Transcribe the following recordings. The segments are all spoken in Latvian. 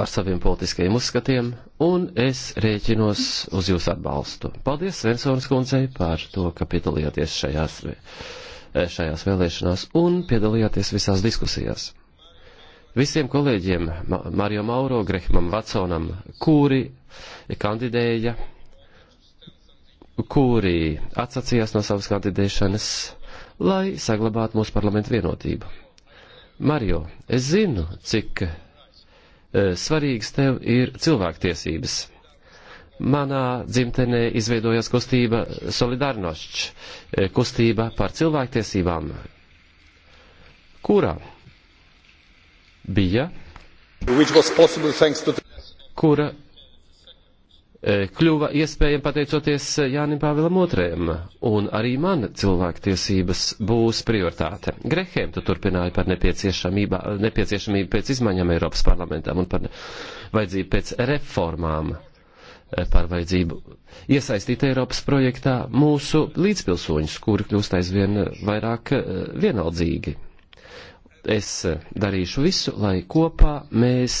ar saviem politiskajiem uzskatiem, un es rēķinos uz jūsu atbalstu. Paldies Svensonas kundzei par to, ka piedalījāties šajās, šajās vēlēšanās un piedalījāties visās diskusijās. Visiem kolēģiem, Mario Mauro, Grehmam Vatsonam, kuri kandidēja, kuri atsacījās no savas kandidēšanas, lai saglabātu mūsu parlamentu vienotību. Mario, es zinu, cik Eh, svarīgas tev ir cilvēktiesības. Manā dzimtenē izveidojās kustība Solidarnošķ, eh, kustība par cilvēktiesībām, kura bija, kura E, kļuva iespējama pateicoties Jānim Pāvilam II, un arī man cilvēktiesības būs prioritāte. Grehēm tu turpināji par nepieciešamību pēc izmaiņām Eiropas parlamentam un par vajadzību pēc reformām e, par vajadzību iesaistīt Eiropas projektā mūsu līdzpilsoņus, kuri kļūst aizvien vairāk e, vienaldzīgi. Es darīšu visu, lai kopā mēs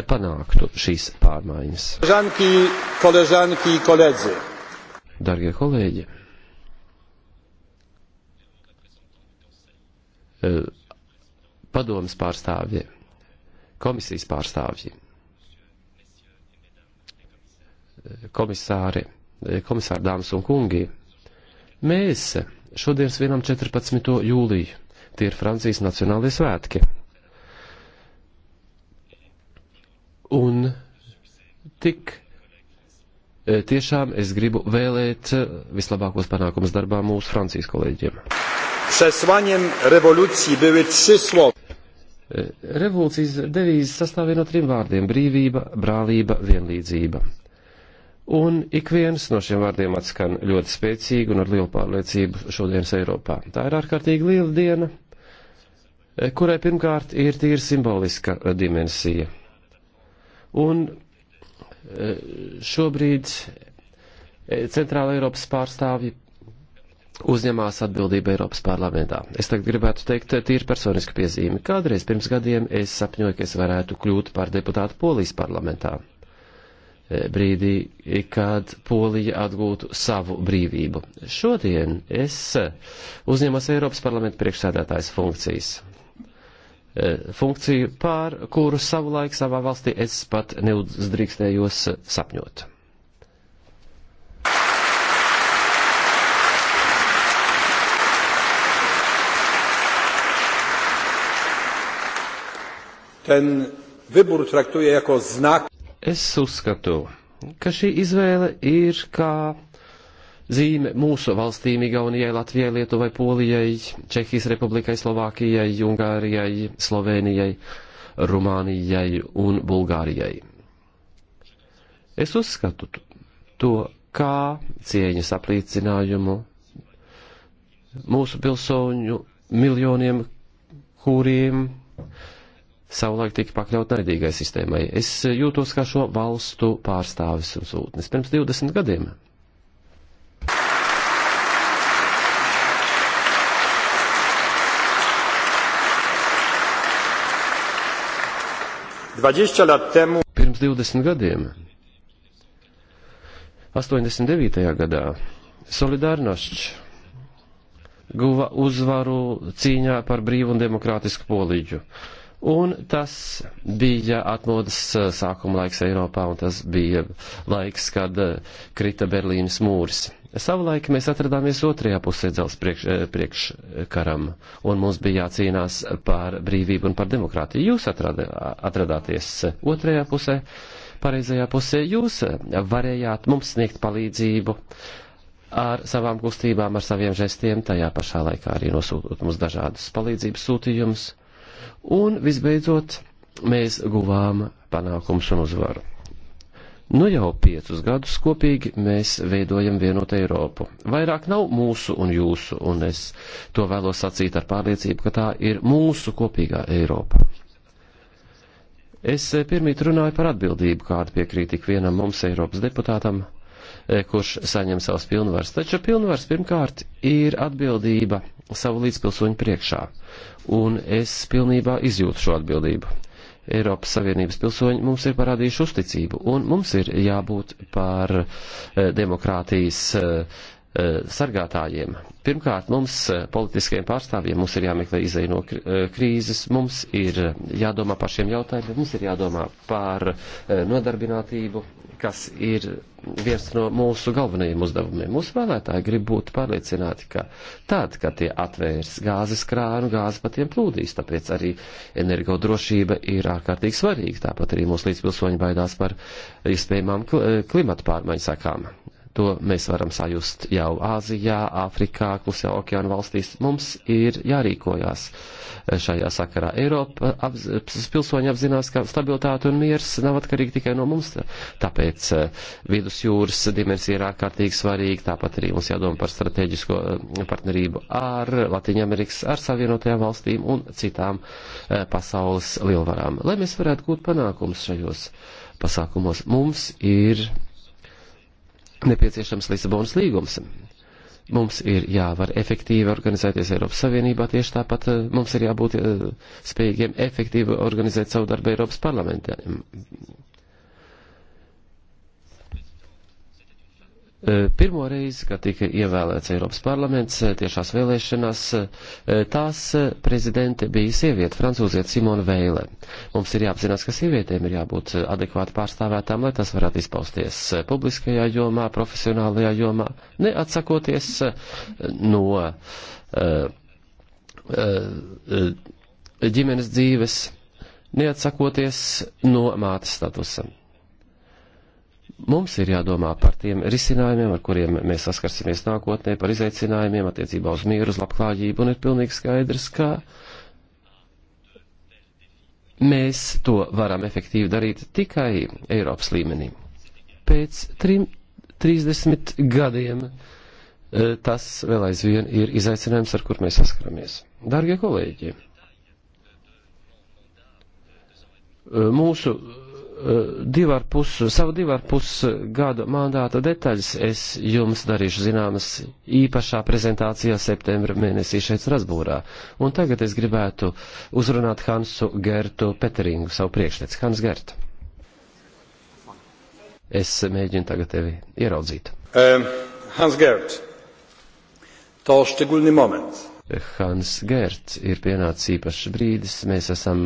panāktu šīs pārmaiņas. Koležanki, koležanki, koledzi. Dargie kolēģi, e, padomas pārstāvji, komisijas pārstāvji, komisāri, e, komisāri dāmas un kungi, mēs šodien svinam 14. jūliju. Tie ir Francijas nacionālie svētki. Un tik eh, tiešām es gribu vēlēt eh, vislabākos panākumus darbā mūsu Francijas kolēģiem. Revolūcijas devīze sastāvīja no trim vārdiem - brīvība, brālība, vienlīdzība. Un ik viens no šiem vārdiem atskan ļoti spēcīgi un ar lielu pārliecību šodienas Eiropā. Tā ir ārkārtīgi liela diena, eh, kurai pirmkārt ir tīri simboliska dimensija Un e, šobrīd e, Centrāla Eiropas pārstāvji uzņemās atbildību Eiropas parlamentā. Es tagad gribētu teikt e, tīri personisku piezīmi. Kādreiz pirms gadiem es sapņoju, ka es varētu kļūt par deputātu Polijas parlamentā. Brīdī, kad Polija atgūtu savu brīvību. Šodien es uzņemos Eiropas parlamenta priekšsēdētājs funkcijas. E, funkciju, pār kuru savulaik savā valstī es pat neuzdrīkstējos sapņot. Ten wybór traktuję jako znak. Es uzskatu, ka šī izvēle ir kā zīme mūsu valstīm, Igaunijai, Latvijai, Lietuvai, Polijai, Čehijas republikai, Slovākijai, Ungārijai, Slovenijai, Rumānijai un Bulgārijai. Es uzskatu to kā cieņas apliecinājumu mūsu pilsoņu miljoniem, kuriem savulaik tika pakļaut naidīgai sistēmai. Es jūtos kā šo valstu pārstāvis un sūtnis pirms 20 gadiem. 20 lat temu. Pirms 20 gadiem, 89. gadā, Solidarnošs guva uzvaru cīņā par brīvu un demokrātisku polīģu. Un tas bija atmodas eh, sākuma laiks Eiropā, un tas bija laiks, kad eh, krita Berlīnas mūris. Savulaik mēs atradāmies otrajā pusē dzels priekš, eh, priekškaram, eh, un mums bija jācīnās par brīvību un par demokrātiju. Jūs atrada, atradāties otrajā pusē, pareizajā pusē, jūs varējāt mums sniegt palīdzību ar savām kustībām, ar saviem žestiem, tajā pašā laikā arī nosūtot mums dažādas palīdzības sūtījumus, un visbeidzot mēs guvām panākums un uzvaru. Nu jau piecus gadus kopīgi mēs veidojam vienotu Eiropu. Vairāk nav mūsu un jūsu, un es to vēlos sacīt ar pārliecību, ka tā ir mūsu kopīgā Eiropa. Es eh, pirmīt runāju par atbildību, kāda piekrīt tik vienam mums Eiropas deputātam, eh, kurš saņem savas pilnvaras. Taču pilnvaras pirmkārt ir atbildība savu līdzpilsoņu priekšā, un es pilnībā izjūtu šo atbildību. Eiropas Savienības pilsoņi mums ir parādījuši uzticību, un mums ir jābūt par eh, demokrātijas eh, eh, sargātājiem. Pirmkārt, mums, politiskajiem pārstāvjiem, mums ir jāmeklē izēja no krīzes, mums ir jādomā par šiem jautājumiem, mums ir jādomā par nodarbinātību, kas ir viens no mūsu galvenajiem uzdevumiem. Mūsu vēlētāji grib būt pārliecināti, ka tad, kad tie atvērs gāzes krānu, gāze patiem plūdīs, tāpēc arī energodrošība ir ārkārtīgi svarīga. Tāpat arī mūsu līdzpilsoņi baidās par iespējamām klimatu pārmaiņu sakām. To mēs varam sajust jau Āzijā, Āfrikā, Klusajā okeāna valstīs. Mums ir jārīkojās šajā sakarā. Eiropa apz, pilsoņi apzinās, ka stabilitāte un miers nav atkarīgi tikai no mums, tāpēc eh, vidusjūras dimensija ir ārkārtīgi svarīga, tāpat arī mums jādomā par strateģisko eh, partnerību ar Latviju-Amerikas, ar Savienotajām valstīm un citām eh, pasaules lielvarām. Lai mēs varētu gūt panākumus šajos pasākumos, mums ir nepieciešams Lisabonas līgums. Mums ir jāvar efektīvi organizēties Eiropas Savienībā, tieši tāpat eh, mums ir jābūt eh, spējīgiem efektīvi organizēt savu darbu Eiropas parlamentā. E, pirmo reizi, kad tika ievēlēts Eiropas parlaments e, tiešās vēlēšanās, e, tās prezidente bija sieviete, francūziet Simona Veile. Mums ir jāapzinās, ka sievietēm ir jābūt adekvāti pārstāvētām, lai tas varētu izpausties publiskajā jomā, profesionālajā jomā, neatsakoties no ģimenes dzīves, neatsakoties no mātes statusam. Mums ir jādomā par tiem risinājumiem, ar kuriem mēs saskarsimies nākotnē, par izaicinājumiem attiecībā uz mieru, uz labklājību, un ir pilnīgi skaidrs, ka mēs to varam efektīvi darīt tikai Eiropas līmenī. Pēc trim, 30 gadiem eh, tas vēl aizvien ir izaicinājums, ar kur mēs saskaramies. Dārgie kolēģi, eh, mūsu divarpus, savu divarpus gadu mandāta detaļas es jums darīšu zināmas īpašā prezentācijā septembra mēnesī šeit Strasbūrā. Un tagad es gribētu uzrunāt Hansu Gertu Peteringu, savu priekšnieci. Hans Gert. Es mēģinu tagad tevi ieraudzīt. Um, Hans Gert. To szczególny moment Hans Gerts ir pienācis īpašs brīdis, mēs esam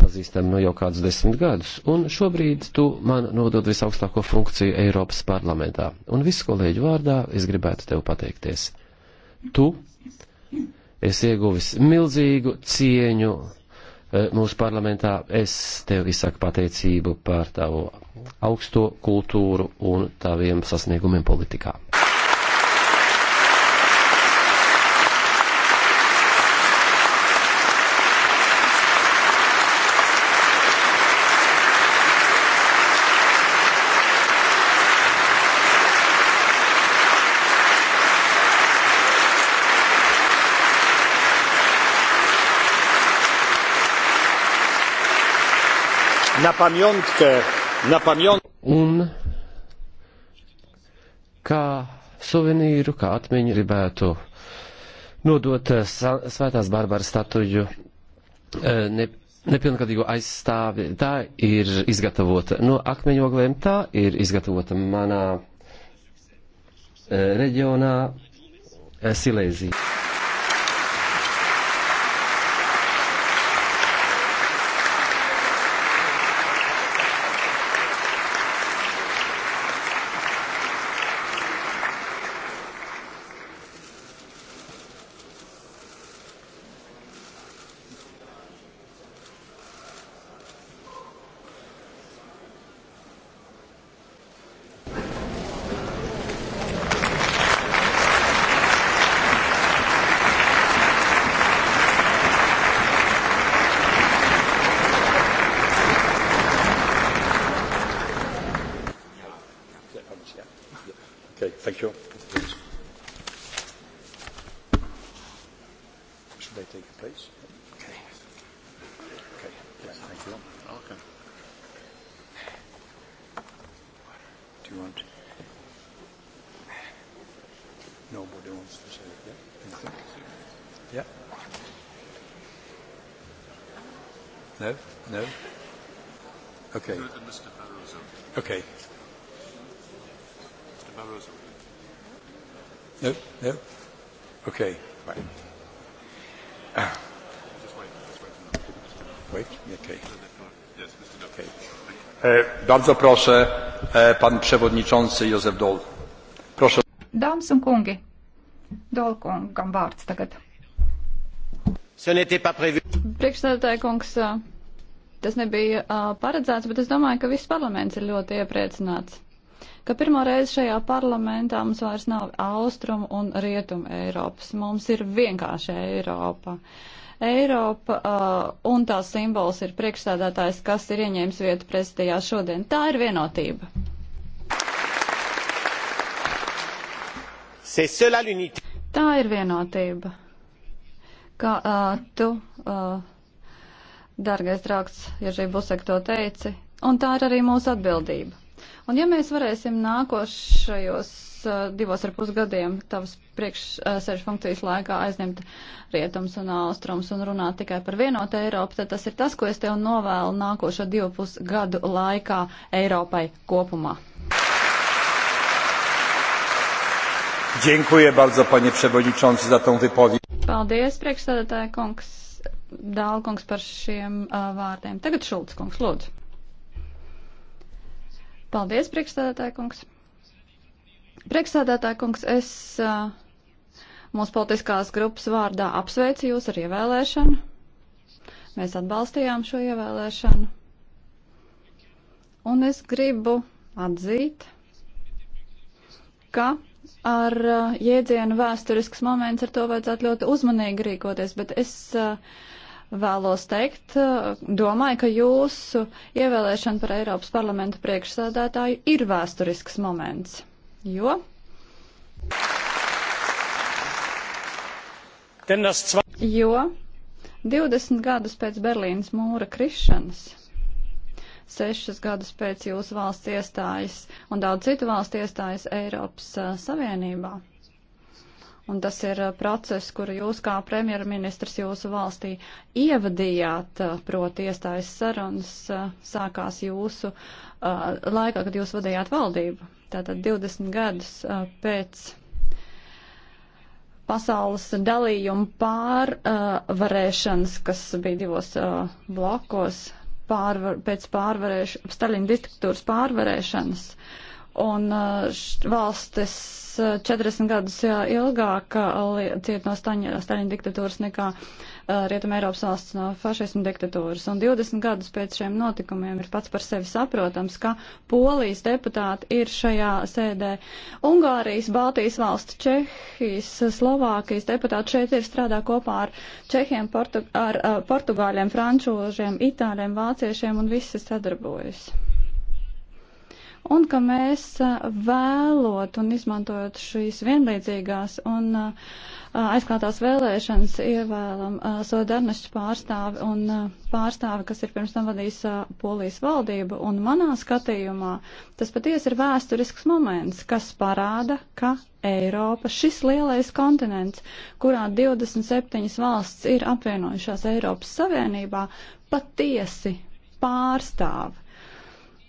pazīstami no jau kādus desmit gadus, un šobrīd tu man nodod visaugstāko funkciju Eiropas parlamentā. Un visu kolēģu vārdā es gribētu tev pateikties. Tu esi ieguvis milzīgu cieņu eh, mūsu parlamentā. Es tev izsaku pateicību par tavu augsto kultūru un taviem sasniegumiem politikā. na pamiątkę, na pamiątkę. Un kā suvenīru, kā atmiņu gribētu nodot eh, Svētās Barbaras statuju eh, ne, nepilngadīgo aizstāvi. Tā ir izgatavota no akmeņogliem, tā ir izgatavota manā eh, reģionā Silēzija. Okay. Mr. Barroso. No, no. Okay, right. Ah. Just wait, just wait. Wait, okay. okay. E, bardzo proszę, e, pan przewodniczący Józef Dol. Proszę. Dāmas un kungi, Dol kungam vārds tagad. Priekšsēdētāja kungs, Tas nebija uh, paredzēts, bet es domāju, ka viss parlaments ir ļoti iepriecināts, ka pirmo reizi šajā parlamentā mums vairs nav austrumu un rietumu Eiropas. Mums ir vienkārši Eiropa. Eiropa uh, un tās simbols ir priekšsēdētājs, kas ir ieņēmis vietu prezidijā šodien. Tā ir vienotība. Tā ir vienotība, ka uh, tu. Uh, Dargais draugs, ja šī busek to teici, un tā ir arī mūsu atbildība. Un ja mēs varēsim nākošajos uh, divos ar pusgadiem tavas priekšsēžu uh, funkcijas laikā aizņemt rietums un austrums un runāt tikai par vienotu Eiropu, tad tas ir tas, ko es tev novēlu nākošo divu pusgadu laikā Eiropai kopumā. Dziękuję bardzo, panie przewodniczący, za tą wypowiedź. Paldies, priekšsēdētāja kungs. Dālkungs par šiem uh, vārdiem. Tagad Šulc kungs, lūdzu. Paldies, priekšstādātāja kungs. Priekšstādātāja kungs, es uh, mūsu politiskās grupas vārdā apsveicu jūs ar ievēlēšanu. Mēs atbalstījām šo ievēlēšanu. Un es gribu atzīt, ka ar uh, jēdzienu vēsturisks moments, ar to vajadzētu ļoti uzmanīgi rīkoties, bet es uh, vēlos teikt, eh, domāju, ka jūsu ievēlēšana par Eiropas parlamenta priekšsēdētāju ir vēsturisks moments. Jo? Jo 20 gadus pēc Berlīnas mūra krišanas, 6 gadus pēc jūsu valsts iestājas un daudz citu valstu iestājas Eiropas eh, Savienībā un tas ir uh, process, kuru jūs kā premjerministrs jūsu valstī ievadījāt, uh, proti iestājas sarunas uh, sākās jūsu laikā, kad jūs vadījāt valdību. Tātad 20 gadus pēc pasaules dalījumu pārvarēšanas, kas bija divos blokos, pārvar, pēc pārvarēš, Staļina diktatūras pārvarēšanas. Uh, un valstis 40 gadus ilgāk ciet no Staļina diktatūras nekā Rietuma Eiropas valsts no fašismu diktatūras. Un 20 gadus pēc šiem notikumiem ir pats par sevi saprotams, ka Polijas deputāti ir šajā sēdē. Ungārijas, Baltijas valsts, Čehijas, Slovākijas deputāti šeit ir strādā kopā ar Čehiem, Portu ar, ar, Portugāļiem, Frančūžiem, Itāļiem, Vāciešiem un visi sadarbojas un ka mēs vēlot un izmantojot šīs vienlīdzīgās un aizklātās vēlēšanas ievēlam Sodarnašķu pārstāvi un pārstāvi, kas ir pirms tam vadījis polijas valdību. Un manā skatījumā tas patiesi ir vēsturisks moments, kas parāda, ka Eiropa, šis lielais kontinents, kurā 27 valsts ir apvienojušās Eiropas Savienībā, patiesi pārstāvi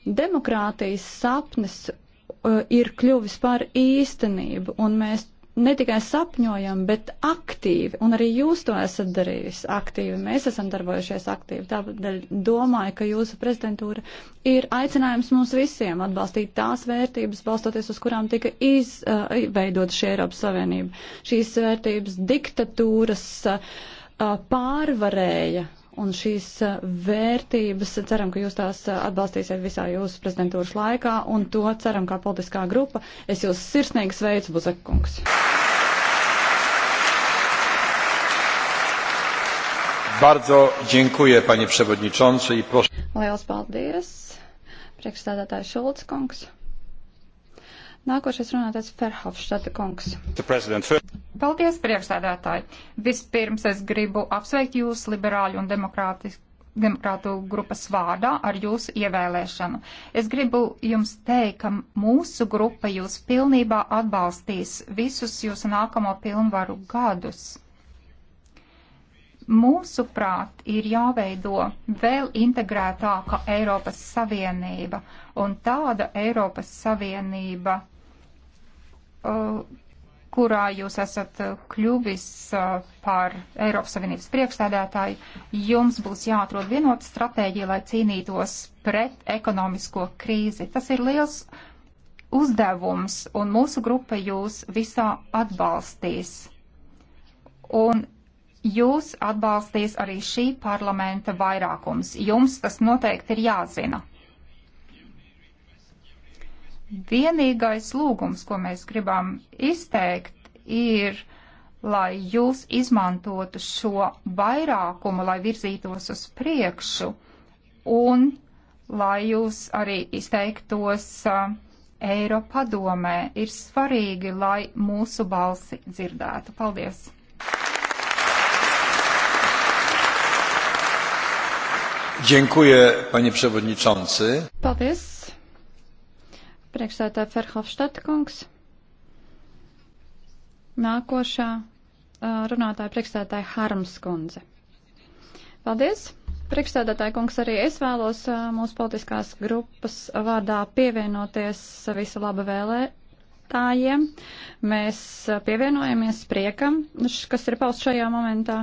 Demokrātijas sapnis uh, ir kļuvis par īstenību, un mēs ne tikai sapņojam, bet aktīvi, un arī jūs to esat darījis aktīvi, mēs esam darbojušies aktīvi, tādēļ domāju, ka jūsu prezidentūra ir aicinājums mums visiem atbalstīt tās vērtības, balstoties uz kurām tika izveidota uh, šī Eiropas Savienība. Šīs vērtības diktatūras uh, pārvarēja Un šīs eh, vērtības ceram, ka jūs tās eh, atbalstīsiet visā jūsu prezidentūras laikā, un to ceram kā politiskā grupa. Es jūs sirsnīgi sveicu, Buzekungs. Bardzo dziękuję, panie przewodniczący, i proszę. Lielas paldies, priekšstādātājs Šulc kungs. Nākošais runātājs Ferhofštata kungs. Paldies, priekšsēdētāji. Vispirms es gribu apsveikt jūs, liberāļu un demokrātisku demokrātu grupas vārdā ar jūsu ievēlēšanu. Es gribu jums teikt, ka mūsu grupa jūs pilnībā atbalstīs visus jūsu nākamo pilnvaru gadus. Mūsuprāt, ir jāveido vēl integrētāka Eiropas Savienība un tāda Eiropas Savienība, uh, kurā jūs esat kļuvis uh, par Eiropas Savienības priekšstādētāju, jums būs jāatrod vienota stratēģija, lai cīnītos pret ekonomisko krīzi. Tas ir liels uzdevums, un mūsu grupa jūs visā atbalstīs. Un jūs atbalstīs arī šī parlamenta vairākums. Jums tas noteikti ir jāzina. Vienīgais lūgums, ko mēs gribam izteikt, ir, lai jūs izmantotu šo vairākumu, lai virzītos uz priekšu un lai jūs arī izteiktos uh, Eiropadomē. Ir svarīgi, lai mūsu balsi dzirdētu. Paldies! Dziękuję, panie przewodniczący. Paldies. Priekšsētāja Ferhofštata kungs. Nākošā runātāja priekšsētāja Harms kundze. Paldies. Priekšstādātāji kungs, arī es vēlos mūsu politiskās grupas vārdā pievienoties visu labu vēlē, runātājiem. Mēs pievienojamies priekam, kas ir pausts šajā momentā.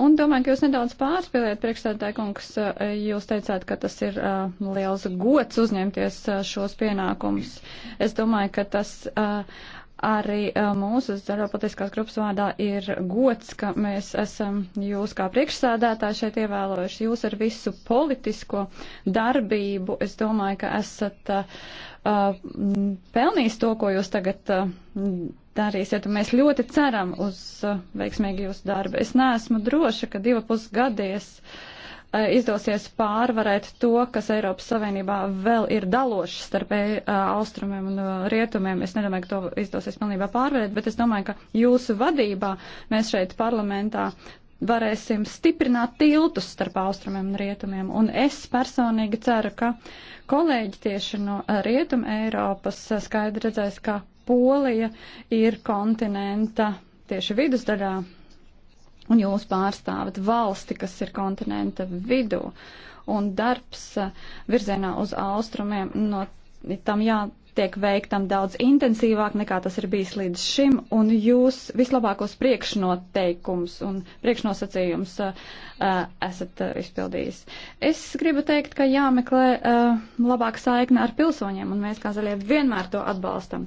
Un domāju, ka jūs nedaudz pārspēlējat priekšstādātāju kungs. Jūs teicāt, ka tas ir uh, liels gods uzņemties uh, šos pienākumus. Es domāju, ka tas. Uh, Arī eh, mūsu zaropotiskās grupas vārdā ir gods, ka mēs esam jūs kā priekšsādātāji šeit ievēlojuši. Jūs ar visu politisko darbību, es domāju, ka esat uh, pelnījis to, ko jūs tagad uh, darīsiet. Un mēs ļoti ceram uz uh, veiksmīgu jūsu darbu. Es neesmu droša, ka divu pusgadies. Uh, Eh, izdosies pārvarēt to, kas Eiropas Savienībā vēl ir dalošs starp eh, austrumiem un eh, rietumiem. Es nedomāju, ka to izdosies pilnībā pārvarēt, bet es domāju, ka jūsu vadībā mēs šeit parlamentā varēsim stiprināt tiltus starp austrumiem un rietumiem. Un es personīgi ceru, ka kolēģi tieši no rietuma Eiropas skaidri redzēs, ka Polija ir kontinenta tieši vidusdaļā un jūs pārstāvat valsti, kas ir kontinenta vidū, un darbs eh, virzienā uz austrumiem no tam jā tiek veiktam daudz intensīvāk nekā tas ir bijis līdz šim, un jūs vislabākos priekšnoteikums un priekšnosacījums uh, esat uh, izpildījis. Es gribu teikt, ka jāmeklē uh, labāk saikne ar pilsoņiem, un mēs kā zaļie vienmēr to atbalstam.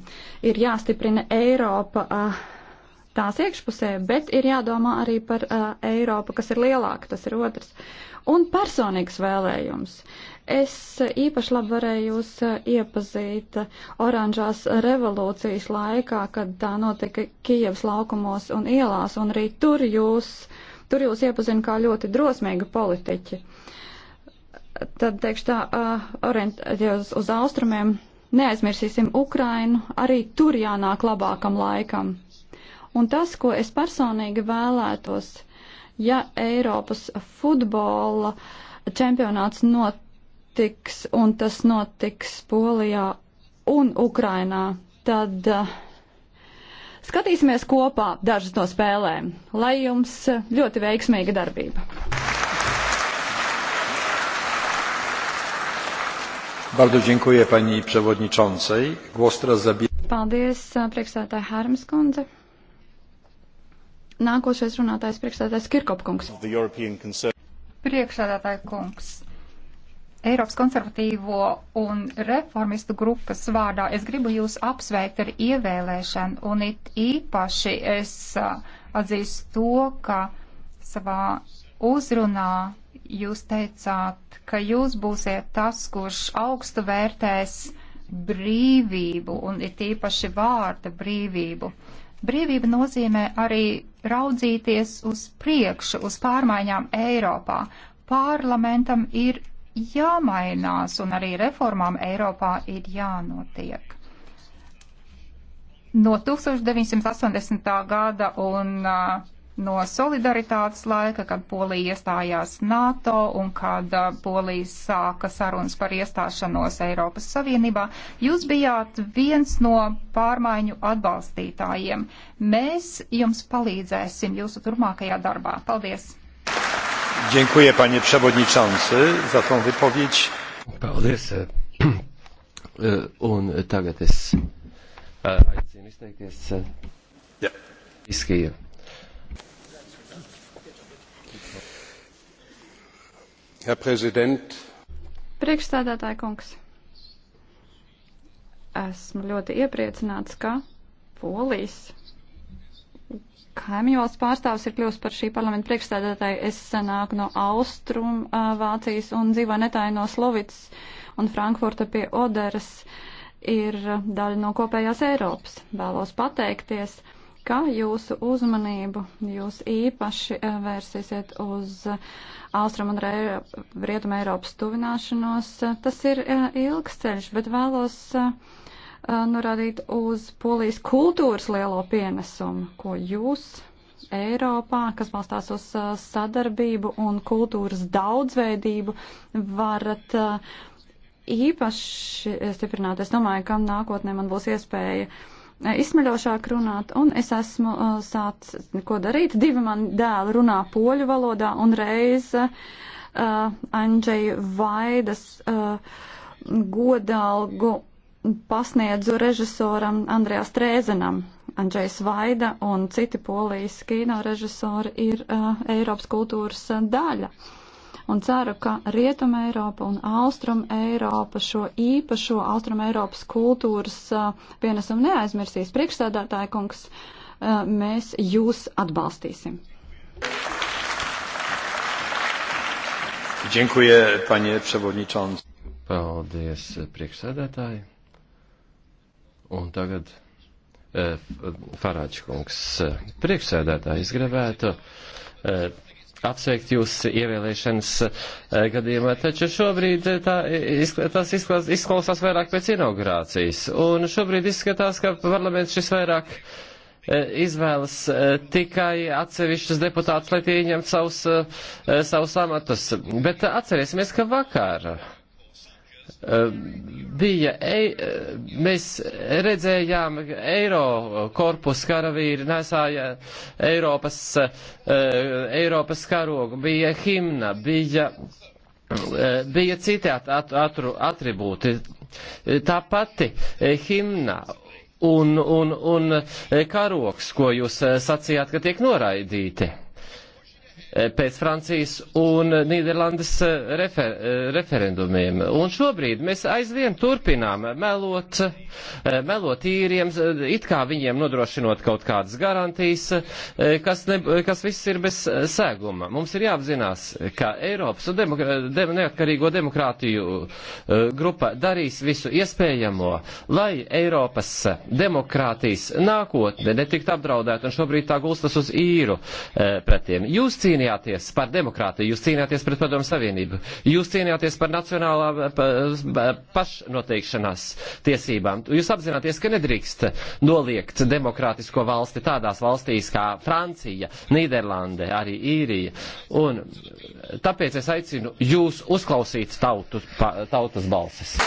Ir jāstiprina Eiropa. Uh, tās iekšpusē, bet ir jādomā arī par uh, Eiropu, kas ir lielāka, tas ir otrs. Un personīgs vēlējums. Es īpaši labi varēju jūs iepazīt oranžās revolūcijas laikā, kad tā notika Kijevas laukumos un ielās, un arī tur jūs, tur jūs iepazinu kā ļoti drosmīgu politiķi. Tad, teikšu tā, uh, orientējos uz austrumiem, neaizmirsīsim Ukrainu, arī tur jānāk labākam laikam. Un tas, ko es personīgi vēlētos, ja Eiropas futbola čempionāts notiks un tas notiks Polijā un Ukrainā, tad uh, skatīsimies kopā dažas no spēlēm. Lai jums ļoti veiksmīga darbība! Bardzo dziękuję pani przewodniczącej. Głos teraz zabierze. Paldies, eh, priekšsētāja Harms kundze. Nākošais runātājs priekšstādātājs Kirkopkungs. Priekšstādātāja kungs. Eiropas konservatīvo un reformistu grupas vārdā es gribu jūs apsveikt ar ievēlēšanu, un it īpaši es atzīstu to, ka savā uzrunā jūs teicāt, ka jūs būsiet tas, kurš augstu vērtēs brīvību, un it īpaši vārda brīvību. Uh, Brīvība nozīmē arī raudzīties uz priekšu, uz pārmaiņām Eiropā. Parlamentam ir jāmainās un arī reformām Eiropā ir jānotiek. No 1980. gada un uh, no solidaritātes laika, kad Polija iestājās NATO un kad uh, Polija sāka sarunas par iestāšanos Eiropas Savienībā, jūs bijāt viens no pārmaiņu atbalstītājiem. Mēs jums palīdzēsim jūsu turpmākajā darbā. Paldies! Dziękuję panie przewodniczący za tą wypowiedź. Paldies. E, un tagad es e, aicinu izteikties. Jā. Yeah. Izskīja. Herr Präsident! Priekšstādātāja kungs, esmu ļoti iepriecināts, ka Polijas kaimiņvalsts pārstāvs ir kļūst par šī parlamenta priekšstādātāju. Es nāku no Austrum Vācijas un dzīvoju netāju no Slovits un Frankfurta pie Oderas ir daļa no kopējās Eiropas. Vēlos pateikties kā jūsu uzmanību jūs īpaši eh, vērsīsiet uz eh, Austrum un Rietum Eiropas tuvināšanos. Tas ir eh, ilgs ceļš, bet vēlos norādīt uz polijas kultūras lielo pienesumu, ko jūs Eiropā, kas balstās uz sadarbību un kultūras daudzveidību, varat īpaši stiprināt. Es domāju, ka nākotnē man būs iespēja uh, izsmeļošāk runāt, un es esmu uh, sācis ko darīt. Divi man dēli runā poļu valodā, un reiz uh, Andžeja Vaidas uh, godalgu pasniedzu režisoram Andrejā Strēzenam. Andžejs Vaida un citi polijas kino režisori ir uh, Eiropas kultūras uh, daļa. Uh, un ceru, ka Rietuma Eiropa un Austrum Eiropa šo īpašo Austrum Eiropas kultūras pienesumu neaizmirsīs. Priekšstādātāja kungs, mēs jūs atbalstīsim. Dziękuję, panie przewodniczący. Paldies, priekšsēdētāji. Un tagad e, Farāģis kungs. Priekšsēdētāji, es gribētu e, apsveikt jūs ievēlēšanas eh, gadījumā, taču šobrīd eh, tā, eh, tas izklaus, izklausās vairāk pēc inaugurācijas. Un šobrīd izskatās, ka parlaments šis vairāk izvēlas tikai atsevišķus deputātus, lai tie ieņemtu savus, savus amatus. Bet atcerēsimies, ka vakar bija, ei, mēs redzējām eiro korpus karavīri nesāja Eiropas, Eiropas karogu, bija himna, bija, bija citi at, at, atru, atribūti. Tā pati himna un, un, un karoks, ko jūs sacījāt, ka tiek noraidīti. Eh, pēc Francijas un Nīderlandes eh, refer, eh, referendumiem. Un šobrīd mēs aizvien turpinām melot, melot īriem, it kā viņiem nodrošinot kaut kādas garantijas, kas, ne, kas viss ir bez sēguma. Mums ir jāapzinās, ka Eiropas un demok dem neatkarīgo demokrātiju grupa darīs visu iespējamo, lai Eiropas demokrātijas nākotne netikt apdraudēta, un šobrīd tā gulstas uz īru pretiem. Jūs cīnīties cīnījāties par demokrātiju, jūs cīnījāties pret Padomu Savienību, jūs cīnījāties par nacionālā pa, pa, pašnoteikšanās tiesībām. Jūs apzināties, ka nedrīkst noliegt demokrātisko valsti tādās valstīs kā Francija, Nīderlande, arī Īrija. Un tāpēc es aicinu jūs uzklausīt tautu, pa, tautas balsis.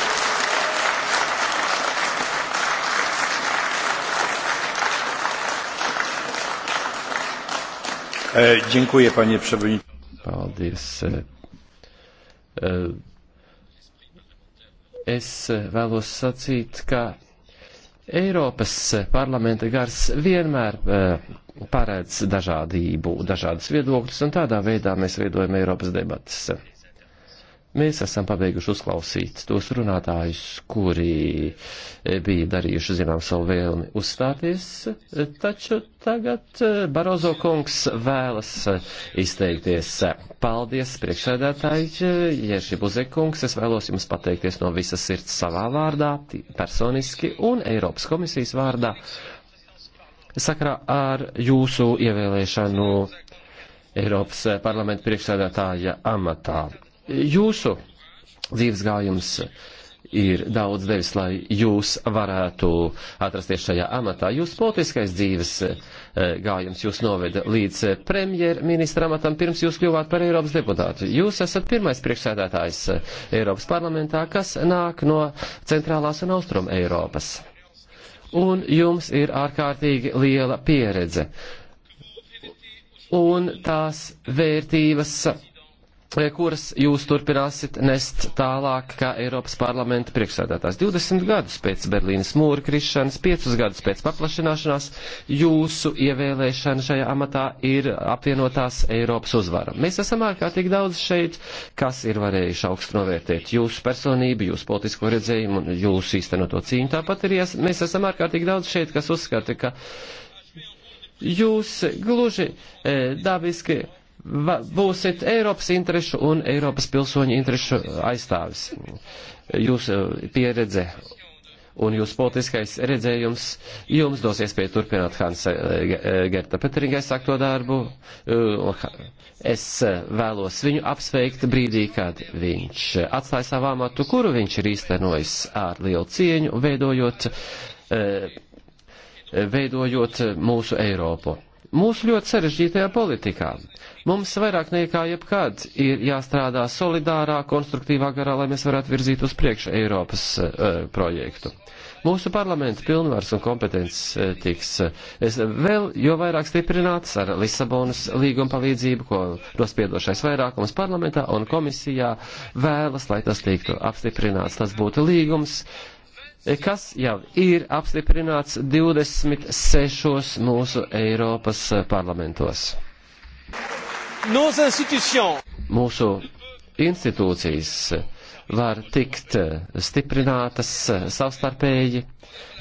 E, dziękuję, panie przewodniczący. Paldies. E, e, es vēlos sacīt, ka Eiropas parlamenta gars vienmēr paredz dažādību, dažādas viedokļas, un tādā veidā mēs veidojam Eiropas debatas. Mēs esam pabeiguši uzklausīt tos runātājus, kuri e, bija darījuši, zinām, savu vēlmi uzstāties, e, taču tagad e, Barozo kungs vēlas izteikties. Paldies, priekšsēdētāji, Jerži Buzekungs, es vēlos jums pateikties no visas sirds savā vārdā, personiski un Eiropas komisijas vārdā, sakrā ar jūsu ievēlēšanu Eiropas parlamenta priekšsēdētāja amatā. Jūsu dzīves gājums ir daudz devis, lai jūs varētu atrasties šajā amatā. Jūsu politiskais dzīves e, gājums jūs noveda līdz premjerministra amatam, pirms jūs kļuvāt par Eiropas deputātu. Jūs esat pirmais priekšsēdētājs e, Eiropas parlamentā, kas nāk no centrālās un austrum Eiropas. Un jums ir ārkārtīgi liela pieredze. Un tās vērtības kuras jūs turpināsit nest tālāk kā Eiropas parlamenta priekšsēdētājs. 20 gadus pēc Berlīnas mūra krišanas, 5 gadus pēc paplašināšanās, jūsu ievēlēšana šajā amatā ir apvienotās Eiropas uzvara. Mēs esam ārkārtīgi daudz šeit, kas ir varējuši augstu novērtēt jūsu personību, jūsu politisko redzējumu un jūsu īstenoto cīņu. Tāpat arī mēs esam ārkārtīgi daudz šeit, kas uzskata, ka jūs gluži e, dabiski būsiet Eiropas interešu un Eiropas pilsoņu interešu aizstāvis. Jūsu eh, pieredze un jūsu politiskais redzējums jums dos iespēju turpināt Hansa eh, eh, Gerta Peteringa sākto darbu. Es vēlos viņu apsveikt brīdī, kad viņš atstāja savu amatu, kuru viņš ir īstenojis ar lielu cieņu, veidojot, veidojot mūsu Eiropu. Mūsu ļoti sarežģītajā politikā. Mums vairāk nekā jebkad ir jāstrādā solidārā, konstruktīvā garā, lai mēs varētu virzīt uz priekšu Eiropas uh, projektu. Mūsu parlamenta pilnvars un kompetences eh, tiks eh, es vēl jo vairāk stiprināts ar Lisabonas līguma palīdzību, ko nospiedošais vairākums parlamentā un komisijā vēlas, lai tas tiktu apstiprināts. Tas būtu līgums, kas jau ir apstiprināts 26 mūsu Eiropas parlamentos. Thank you. Mūsu institūcijas var tikt stiprinātas savstarpēji,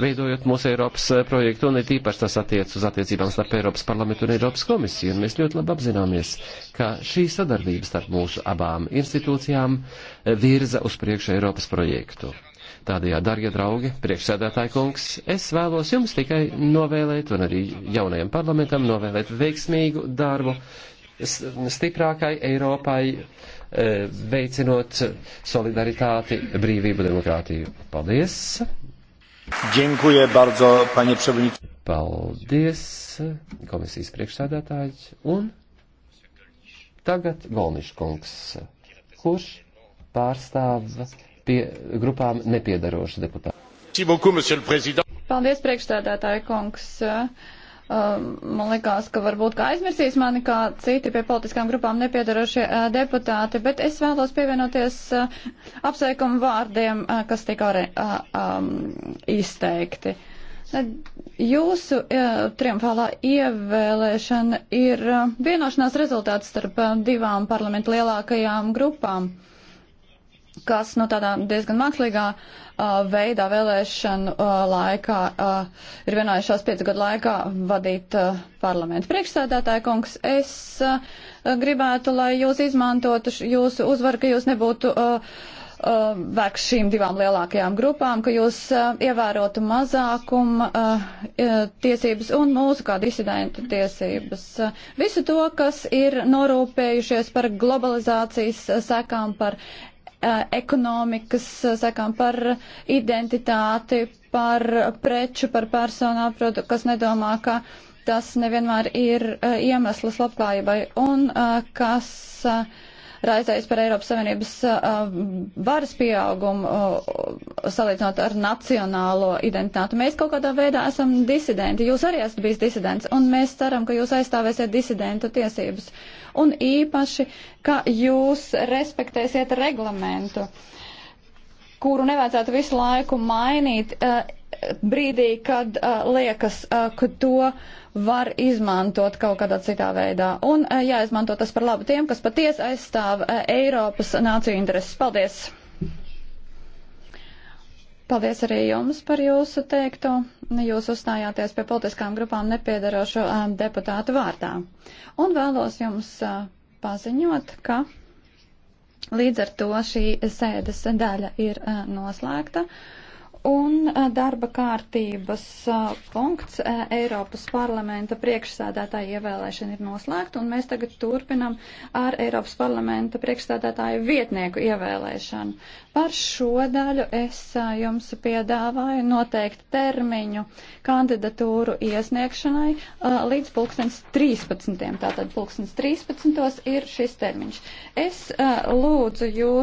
veidojot mūsu Eiropas projektu, un ir tīpaši tas attiec uz attiecībām starp Eiropas parlamentu un Eiropas komisiju. Un mēs ļoti labi apzināmies, ka šī sadarbība starp mūsu abām institūcijām virza uz priekšu Eiropas projektu. Tādējā, darbie draugi, priekšsēdētāji kungs, es vēlos jums tikai novēlēt, un arī jaunajam parlamentam novēlēt veiksmīgu darbu stiprākai Eiropai, e, veicinot solidaritāti, brīvību, demokrātiju. Paldies! Dziękuję bardzo, panie przewodniczący. Paldies, komisijas priekšsādātājs. Un tagad Golniš kungs, kurš pārstāv pie grupām nepiedarošu deputātu. Paldies, priekšsādātāja kungs. Uh, Um, man likās, ka varbūt kā aizmirsīs mani, kā citi pie politiskām grupām nepiedarošie uh, deputāti, bet es vēlos pievienoties uh, apsveikumu vārdiem, uh, kas tika arī um, izteikti. Jūsu triumfālā ievēlēšana ir vienošanās rezultāts starp divām parlamentu lielākajām grupām kas no nu, tādā diezgan mākslīgā uh, veidā vēlēšanu uh, laikā uh, ir vienojušās piecu gadu laikā vadīt uh, parlamentu. Priekšsēdētāja kungs, es uh, gribētu, lai jūs izmantotu jūsu uzvaru, ka jūs nebūtu. Uh, uh, vērks šīm divām lielākajām grupām, ka jūs uh, ievērotu mazākuma uh, tiesības un mūsu kā disidentu tiesības. Uh, visu to, kas ir norūpējušies par globalizācijas sekām, par ekonomikas sakām par identitāti, par preču, par personālu produktu, kas nedomā, ka tas nevienmēr ir iemesls labklājībai un kas. Uh, raizējas par Eiropas Savienības varas pieaugumu salīdzinot ar nacionālo identitāti. Mēs kaut kādā veidā esam disidenti, jūs arī esat bijis disidents, un mēs ceram, ka jūs aizstāvēsiet disidentu tiesības. Un īpaši, ka jūs respektēsiet reglamentu kuru nevajadzētu visu laiku mainīt. Uh, brīdī, kad uh, liekas, uh, ka to var izmantot kaut kādā citā veidā. Un uh, jāizmanto tas par labu tiem, kas patiesi aizstāv uh, Eiropas nāciju intereses. Paldies! Paldies arī jums par jūsu teikto. Jūs uzstājāties pie politiskām grupām nepiedarošo um, deputātu vārdā. Un vēlos jums uh, paziņot, ka līdz ar to šī sēdes daļa ir uh, noslēgta. Uh, Un darba kārtības punkts Eiropas parlamenta priekšsādātāja ievēlēšana ir noslēgta, un mēs tagad turpinam ar Eiropas parlamenta priekšsādātāju vietnieku ievēlēšanu. Par šo daļu es jums piedāvāju noteikt termiņu kandidatūru iesniegšanai līdz pulkstens 13. Tātad pulkstens 13. ir šis termiņš. Es lūdzu jūs.